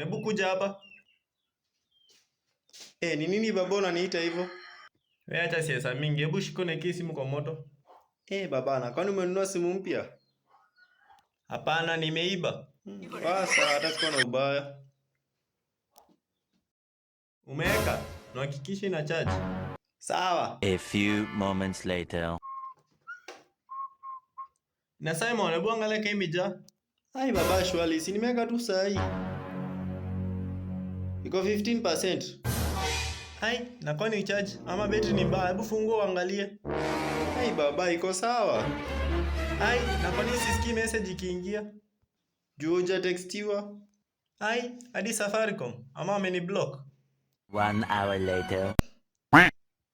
Hebu kuja hapa. Eh, ni nini baba unaniita hivyo? Wewe acha siasa mingi. Hebu shikone kesi simu kwa moto. Eh, na kwani umenunua simu mpya? Hapana, nimeiba. Sasa hmm, hata siko na ubaya. Umeweka? Na hakikisha ina charge. Sawa. A few moments later. Na Simon, hebu angalia kama imejaa. Hai baba, shwali, si nimeweka tu sahi iko 15%. Hai, na kwa ni charge ama betri ni mbaya? Hebu fungua uangalie. Hai baba, iko sawa. Hai, na kwa nini sisikii message ikiingia? Juu textiwa. Hai, hadi Safaricom ama ameni block. One hour later.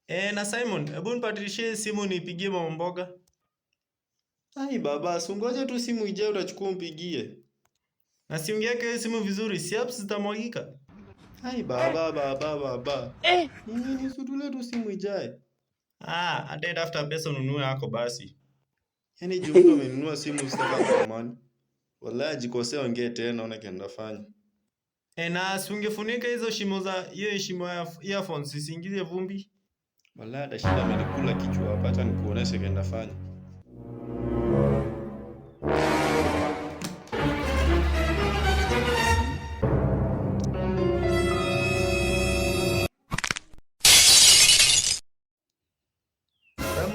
Eh, na Simon, hebu nipatishie simu nipigie mama mboga. Hai baba, sungoja tu simu ije utachukua mpigie. Na simu yake simu vizuri, si apps zitamwagika. Hai baba baba baba. Eh, ni eh. nini sutule simu ijae? Ah, ande dafta pesa ununue yako basi. Yaani je, mtu amenunua simu kwa kuamani. Wallahi jikosea ongee tena ona fanya. Eh, na sungefunika hizo shimo za hiyo shimo ya earphones isiingize vumbi. Wallahi hata shida amenikula kichwa hapa, hata nikuoneshe fanya.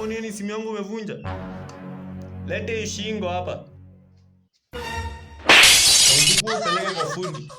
Ama nini simu yangu umevunja? Lete shingo hapa. Unachukua upeleke kwa fundi.